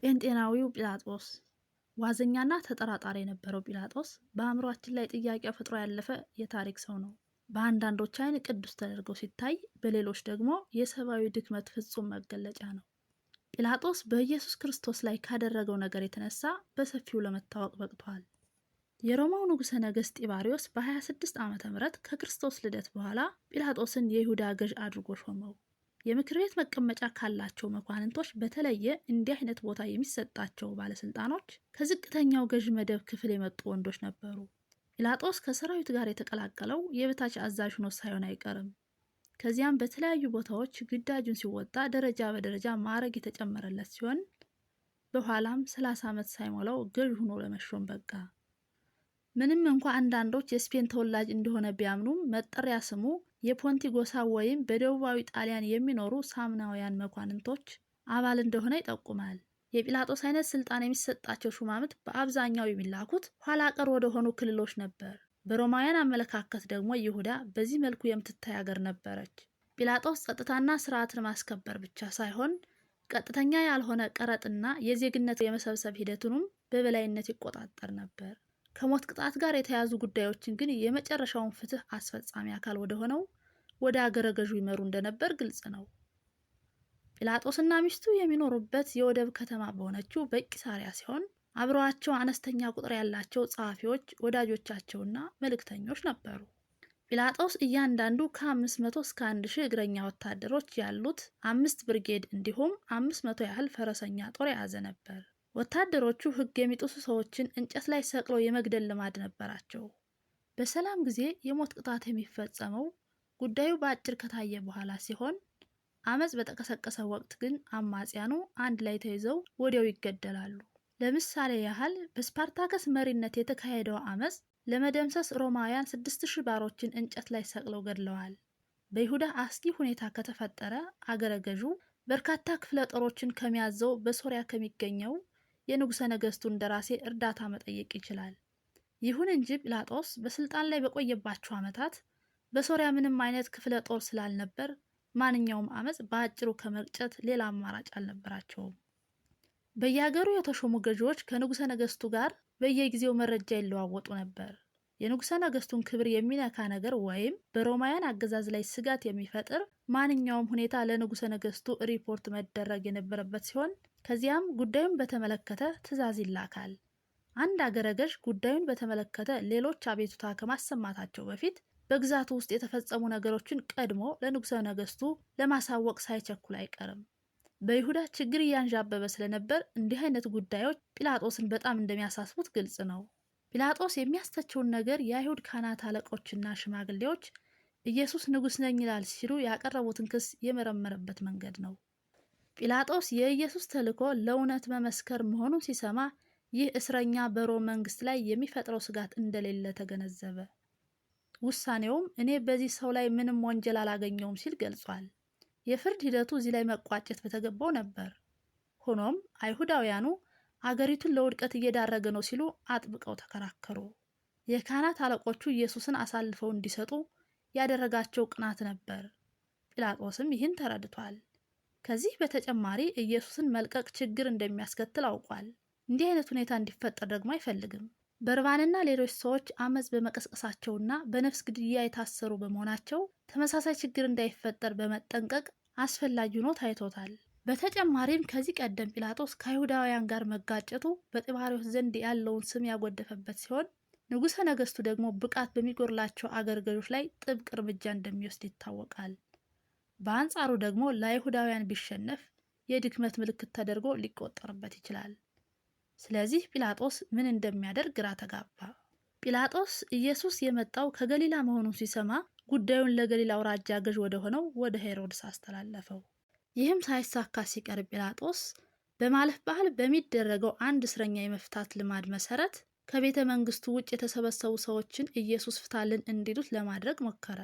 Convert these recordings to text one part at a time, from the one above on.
ጴንጤናዊው ጲላጦስ ዋዘኛና ተጠራጣሪ የነበረው ጲላጦስ በአእምሯችን ላይ ጥያቄ ፈጥሮ ያለፈ የታሪክ ሰው ነው። በአንዳንዶች አይን ቅዱስ ተደርጎ ሲታይ፣ በሌሎች ደግሞ የሰብአዊ ድክመት ፍጹም መገለጫ ነው። ጲላጦስ በኢየሱስ ክርስቶስ ላይ ካደረገው ነገር የተነሳ በሰፊው ለመታወቅ በቅቷል። የሮማው ንጉሠ ነገሥት ጢባሪዮስ በ26 ዓ ም ከክርስቶስ ልደት በኋላ ጲላጦስን የይሁዳ ገዥ አድርጎ ሾመው። የምክር ቤት መቀመጫ ካላቸው መኳንንቶች በተለየ እንዲህ አይነት ቦታ የሚሰጣቸው ባለስልጣኖች ከዝቅተኛው ገዥ መደብ ክፍል የመጡ ወንዶች ነበሩ። ጲላጦስ ከሰራዊት ጋር የተቀላቀለው የበታች አዛዥ ሆኖ ሳይሆን አይቀርም። ከዚያም በተለያዩ ቦታዎች ግዳጁን ሲወጣ ደረጃ በደረጃ ማዕረግ የተጨመረለት ሲሆን በኋላም ሰላሳ ዓመት ሳይሞላው ገዥ ሆኖ ለመሾም በቃ። ምንም እንኳ አንዳንዶች የስፔን ተወላጅ እንደሆነ ቢያምኑም መጠሪያ ስሙ የፖንቲ ጎሳ ወይም በደቡባዊ ጣሊያን የሚኖሩ ሳምናውያን መኳንንቶች አባል እንደሆነ ይጠቁማል። የጲላጦስ አይነት ስልጣን የሚሰጣቸው ሹማምት በአብዛኛው የሚላኩት ኋላ ቀር ወደ ሆኑ ክልሎች ነበር። በሮማውያን አመለካከት ደግሞ ይሁዳ በዚህ መልኩ የምትታይ አገር ነበረች። ጲላጦስ ጸጥታና ስርዓትን ማስከበር ብቻ ሳይሆን ቀጥተኛ ያልሆነ ቀረጥና የዜግነት የመሰብሰብ ሂደቱንም በበላይነት ይቆጣጠር ነበር። ከሞት ቅጣት ጋር የተያዙ ጉዳዮችን ግን የመጨረሻውን ፍትህ አስፈጻሚ አካል ወደ ሆነው ወደ አገረ ገዡ ይመሩ እንደነበር ግልጽ ነው። ጲላጦስና ሚስቱ የሚኖሩበት የወደብ ከተማ በሆነችው በቂሳሪያ ሲሆን አብረዋቸው አነስተኛ ቁጥር ያላቸው ጸሐፊዎች፣ ወዳጆቻቸውና መልእክተኞች ነበሩ። ጲላጦስ እያንዳንዱ ከአምስት መቶ እስከ አንድ ሺህ እግረኛ ወታደሮች ያሉት አምስት ብርጌድ እንዲሁም አምስት መቶ ያህል ፈረሰኛ ጦር የያዘ ነበር። ወታደሮቹ ሕግ የሚጥሱ ሰዎችን እንጨት ላይ ሰቅለው የመግደል ልማድ ነበራቸው። በሰላም ጊዜ የሞት ቅጣት የሚፈጸመው ጉዳዩ በአጭር ከታየ በኋላ ሲሆን፣ አመፅ በተቀሰቀሰ ወቅት ግን አማጽያኑ አንድ ላይ ተይዘው ወዲያው ይገደላሉ። ለምሳሌ ያህል በስፓርታከስ መሪነት የተካሄደው አመፅ ለመደምሰስ ሮማውያን ስድስት ሺህ ባሮችን እንጨት ላይ ሰቅለው ገድለዋል። በይሁዳ አስጊ ሁኔታ ከተፈጠረ አገረገዡ በርካታ ክፍለ ጦሮችን ከሚያዘው በሶሪያ ከሚገኘው የንጉሠ ነገሥቱን እንደራሴ እርዳታ መጠየቅ ይችላል። ይሁን እንጂ ጲላጦስ በስልጣን ላይ በቆየባቸው ዓመታት በሶሪያ ምንም አይነት ክፍለ ጦር ስላልነበር ማንኛውም አመፅ በአጭሩ ከመቅጨት ሌላ አማራጭ አልነበራቸውም። በየሀገሩ የተሾሙ ገዢዎች ከንጉሠ ነገሥቱ ጋር በየጊዜው መረጃ ይለዋወጡ ነበር። የንጉሠ ነገሥቱን ክብር የሚነካ ነገር ወይም በሮማውያን አገዛዝ ላይ ስጋት የሚፈጥር ማንኛውም ሁኔታ ለንጉሠ ነገሥቱ ሪፖርት መደረግ የነበረበት ሲሆን ከዚያም ጉዳዩን በተመለከተ ትዕዛዝ ይላካል። አንድ አገረ ገዥ ጉዳዩን በተመለከተ ሌሎች አቤቱታ ከማሰማታቸው በፊት በግዛቱ ውስጥ የተፈጸሙ ነገሮችን ቀድሞ ለንጉሠ ነገሥቱ ለማሳወቅ ሳይቸኩል አይቀርም። በይሁዳ ችግር እያንዣበበ ስለነበር እንዲህ አይነት ጉዳዮች ጲላጦስን በጣም እንደሚያሳስቡት ግልጽ ነው። ጲላጦስ የሚያስተቸውን ነገር የአይሁድ ካህናት አለቆችና ሽማግሌዎች ኢየሱስ ንጉሥ ነኝ ይላል ሲሉ ያቀረቡትን ክስ የመረመረበት መንገድ ነው። ጲላጦስ የኢየሱስ ተልዕኮ ለእውነት መመስከር መሆኑን ሲሰማ ይህ እስረኛ በሮም መንግሥት ላይ የሚፈጥረው ስጋት እንደሌለ ተገነዘበ። ውሳኔውም እኔ በዚህ ሰው ላይ ምንም ወንጀል አላገኘውም ሲል ገልጿል። የፍርድ ሂደቱ እዚህ ላይ መቋጨት በተገባው ነበር። ሆኖም አይሁዳውያኑ አገሪቱን ለውድቀት እየዳረገ ነው ሲሉ አጥብቀው ተከራከሩ። የካህናት አለቆቹ ኢየሱስን አሳልፈው እንዲሰጡ ያደረጋቸው ቅናት ነበር። ጲላጦስም ይህን ተረድቷል። ከዚህ በተጨማሪ ኢየሱስን መልቀቅ ችግር እንደሚያስከትል አውቋል። እንዲህ አይነት ሁኔታ እንዲፈጠር ደግሞ አይፈልግም። በርባንና ሌሎች ሰዎች አመፅ በመቀስቀሳቸውና በነፍስ ግድያ የታሰሩ በመሆናቸው ተመሳሳይ ችግር እንዳይፈጠር በመጠንቀቅ አስፈላጊ ሆኖ ታይቶታል። በተጨማሪም ከዚህ ቀደም ጲላጦስ ከአይሁዳውያን ጋር መጋጨቱ በጢባሪዎስ ዘንድ ያለውን ስም ያጎደፈበት ሲሆን ንጉሠ ነገሥቱ ደግሞ ብቃት በሚጎድላቸው አገር ላይ ጥብቅ እርምጃ እንደሚወስድ ይታወቃል። በአንጻሩ ደግሞ ለአይሁዳውያን ቢሸነፍ የድክመት ምልክት ተደርጎ ሊቆጠርበት ይችላል። ስለዚህ ጲላጦስ ምን እንደሚያደርግ ግራ ተጋባ። ጲላጦስ ኢየሱስ የመጣው ከገሊላ መሆኑን ሲሰማ ጉዳዩን ለገሊላ አውራጃ ገዥ ወደ ሆነው ወደ ሄሮድስ አስተላለፈው። ይህም ሳይሳካ ሲቀር ጲላጦስ በማለፍ ባህል በሚደረገው አንድ እስረኛ የመፍታት ልማድ መሰረት ከቤተ መንግስቱ ውጭ የተሰበሰቡ ሰዎችን ኢየሱስ ፍታልን እንዲሉት ለማድረግ ሞከረ።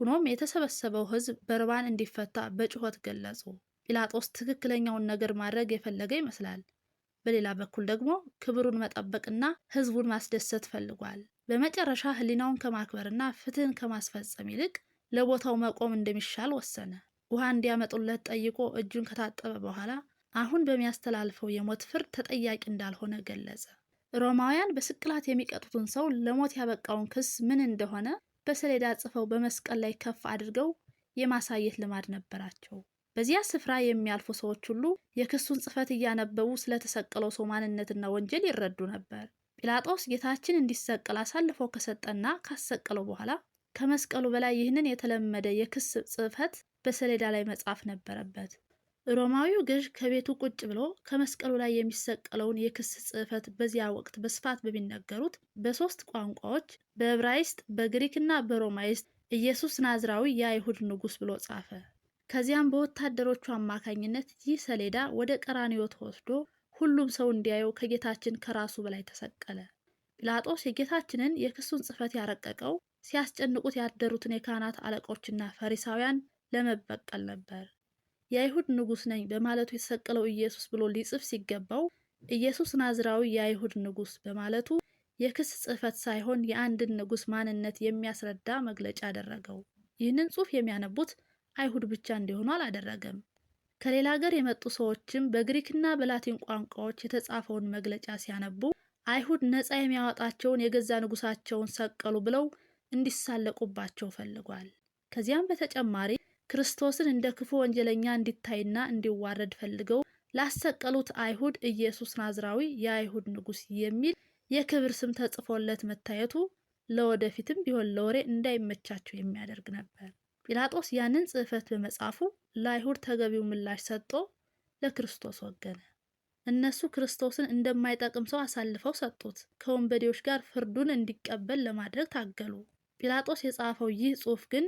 ሆኖም የተሰበሰበው ህዝብ በርባን እንዲፈታ በጩኸት ገለጹ። ጲላጦስ ትክክለኛውን ነገር ማድረግ የፈለገ ይመስላል። በሌላ በኩል ደግሞ ክብሩን መጠበቅና ህዝቡን ማስደሰት ፈልጓል። በመጨረሻ ህሊናውን ከማክበርና ፍትህን ከማስፈጸም ይልቅ ለቦታው መቆም እንደሚሻል ወሰነ። ውሃ እንዲያመጡለት ጠይቆ እጁን ከታጠበ በኋላ አሁን በሚያስተላልፈው የሞት ፍርድ ተጠያቂ እንዳልሆነ ገለጸ። ሮማውያን በስቅላት የሚቀጡትን ሰው ለሞት ያበቃውን ክስ ምን እንደሆነ በሰሌዳ ጽፈው በመስቀል ላይ ከፍ አድርገው የማሳየት ልማድ ነበራቸው። በዚያ ስፍራ የሚያልፉ ሰዎች ሁሉ የክሱን ጽፈት እያነበቡ ስለተሰቀለው ሰው ማንነትና ወንጀል ይረዱ ነበር። ጲላጦስ ጌታችን እንዲሰቀል አሳልፎ ከሰጠና ካሰቀለው በኋላ ከመስቀሉ በላይ ይህንን የተለመደ የክስ ጽፈት በሰሌዳ ላይ መጻፍ ነበረበት። ሮማዊው ገዥ ከቤቱ ቁጭ ብሎ ከመስቀሉ ላይ የሚሰቀለውን የክስ ጽሕፈት በዚያ ወቅት በስፋት በሚነገሩት በሦስት ቋንቋዎች በዕብራይስጥ፣ በግሪክና በሮማይስጥ ኢየሱስ ናዝራዊ የአይሁድ ንጉሥ ብሎ ጻፈ። ከዚያም በወታደሮቹ አማካኝነት ይህ ሰሌዳ ወደ ቀራንዮ ተወስዶ ሁሉም ሰው እንዲያየው ከጌታችን ከራሱ በላይ ተሰቀለ። ጲላጦስ የጌታችንን የክሱን ጽሕፈት ያረቀቀው ሲያስጨንቁት ያደሩትን የካህናት አለቆችና ፈሪሳውያን ለመበቀል ነበር። የአይሁድ ንጉሥ ነኝ በማለቱ የተሰቀለው ኢየሱስ ብሎ ሊጽፍ ሲገባው ኢየሱስ ናዝራዊ የአይሁድ ንጉሥ በማለቱ የክስ ጽሕፈት ሳይሆን የአንድን ንጉሥ ማንነት የሚያስረዳ መግለጫ አደረገው። ይህንን ጽሑፍ የሚያነቡት አይሁድ ብቻ እንዲሆኑ አላደረገም። ከሌላ ሀገር የመጡ ሰዎችም በግሪክና በላቲን ቋንቋዎች የተጻፈውን መግለጫ ሲያነቡ አይሁድ ነፃ የሚያወጣቸውን የገዛ ንጉሳቸውን ሰቀሉ ብለው እንዲሳለቁባቸው ፈልጓል። ከዚያም በተጨማሪ ክርስቶስን እንደ ክፉ ወንጀለኛ እንዲታይና እንዲዋረድ ፈልገው ላሰቀሉት አይሁድ ኢየሱስ ናዝራዊ የአይሁድ ንጉሥ የሚል የክብር ስም ተጽፎለት መታየቱ ለወደፊትም ቢሆን ለወሬ እንዳይመቻቸው የሚያደርግ ነበር። ጲላጦስ ያንን ጽሕፈት በመጻፉ ለአይሁድ ተገቢው ምላሽ ሰጥቶ ለክርስቶስ ወገነ። እነሱ ክርስቶስን እንደማይጠቅም ሰው አሳልፈው ሰጡት። ከወንበዴዎች ጋር ፍርዱን እንዲቀበል ለማድረግ ታገሉ። ጲላጦስ የጻፈው ይህ ጽሑፍ ግን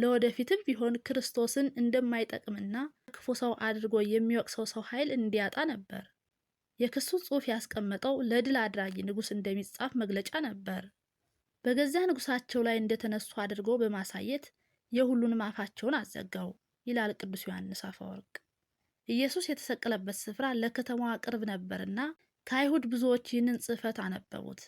ለወደፊትም ቢሆን ክርስቶስን እንደማይጠቅምና ክፉ ሰው አድርጎ የሚወቅሰው ሰው ኃይል እንዲያጣ ነበር። የክሱ ጽሑፍ ያስቀመጠው ለድል አድራጊ ንጉሥ እንደሚጻፍ መግለጫ ነበር። በገዛ ንጉሳቸው ላይ እንደተነሱ አድርጎ በማሳየት የሁሉንም አፋቸውን አዘጋው ይላል ቅዱስ ዮሐንስ አፈወርቅ። ኢየሱስ የተሰቀለበት ስፍራ ለከተማዋ ቅርብ ነበርና ከአይሁድ ብዙዎች ይህንን ጽሕፈት አነበቡት።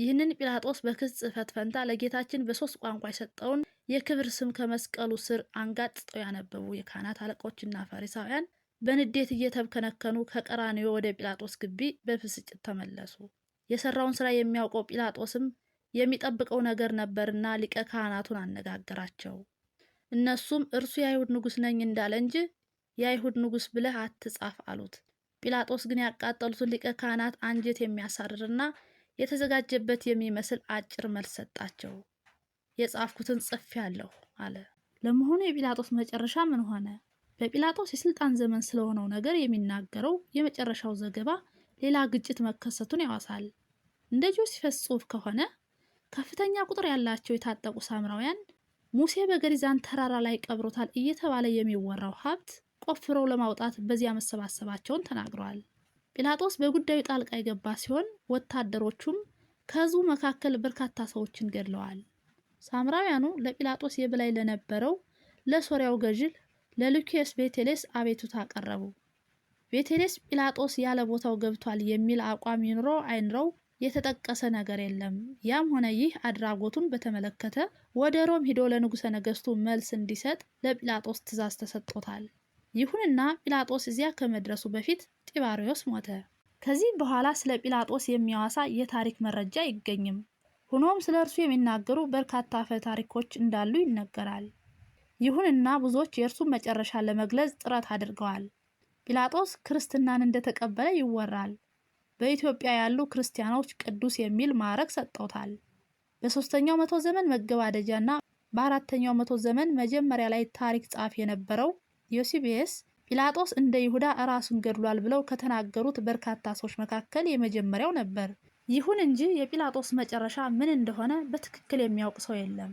ይህንን ጲላጦስ በክስ ጽህፈት ፈንታ ለጌታችን በሶስት ቋንቋ የሰጠውን የክብር ስም ከመስቀሉ ስር አንጋጥጠው ያነበቡ የካህናት አለቆችና ፈሪሳውያን በንዴት እየተብከነከኑ ከቀራንዮ ወደ ጲላጦስ ግቢ በብስጭት ተመለሱ። የሰራውን ስራ የሚያውቀው ጲላጦስም የሚጠብቀው ነገር ነበርና ሊቀ ካህናቱን አነጋገራቸው። እነሱም እርሱ የአይሁድ ንጉሥ ነኝ እንዳለ እንጂ የአይሁድ ንጉሥ ብለህ አትጻፍ አሉት። ጲላጦስ ግን ያቃጠሉትን ሊቀ ካህናት አንጀት የሚያሳርርና የተዘጋጀበት የሚመስል አጭር መልስ ሰጣቸው። የጻፍኩትን ጽፌያለሁ አለ። ለመሆኑ የጲላጦስ መጨረሻ ምን ሆነ? በጲላጦስ የስልጣን ዘመን ስለሆነው ነገር የሚናገረው የመጨረሻው ዘገባ ሌላ ግጭት መከሰቱን ያዋሳል። እንደ ጆሲፈስ ጽሑፍ ከሆነ ከፍተኛ ቁጥር ያላቸው የታጠቁ ሳምራውያን ሙሴ በገሪዛን ተራራ ላይ ቀብሮታል እየተባለ የሚወራው ሀብት ቆፍረው ለማውጣት በዚያ መሰባሰባቸውን ተናግረዋል። ጲላጦስ በጉዳዩ ጣልቃ የገባ ሲሆን ወታደሮቹም ከህዝቡ መካከል በርካታ ሰዎችን ገድለዋል። ሳምራውያኑ ለጲላጦስ የበላይ ለነበረው ለሶሪያው ገዥል ለሉኪየስ ቤቴሌስ አቤቱታ አቀረቡ። ቤቴሌስ ጲላጦስ ያለ ቦታው ገብቷል የሚል አቋም ይኑረው አይኑረው የተጠቀሰ ነገር የለም። ያም ሆነ ይህ አድራጎቱን በተመለከተ ወደ ሮም ሂዶ ለንጉሠ ነገሥቱ መልስ እንዲሰጥ ለጲላጦስ ትእዛዝ ተሰጥቶታል። ይሁንና ጲላጦስ እዚያ ከመድረሱ በፊት ጢባሪዎስ ሞተ። ከዚህ በኋላ ስለ ጲላጦስ የሚያዋሳ የታሪክ መረጃ አይገኝም። ሆኖም ስለ እርሱ የሚናገሩ በርካታ አፈ ታሪኮች እንዳሉ ይነገራል። ይሁንና ብዙዎች የእርሱን መጨረሻ ለመግለጽ ጥረት አድርገዋል። ጲላጦስ ክርስትናን እንደተቀበለ ይወራል። በኢትዮጵያ ያሉ ክርስቲያኖች ቅዱስ የሚል ማዕረግ ሰጥተውታል። በሶስተኛው መቶ ዘመን መገባደጃና በአራተኛው መቶ ዘመን መጀመሪያ ላይ ታሪክ ጻፍ የነበረው ዮሲቤስ ጲላጦስ እንደ ይሁዳ ራሱን ገድሏል ብለው ከተናገሩት በርካታ ሰዎች መካከል የመጀመሪያው ነበር። ይሁን እንጂ የጲላጦስ መጨረሻ ምን እንደሆነ በትክክል የሚያውቅ ሰው የለም።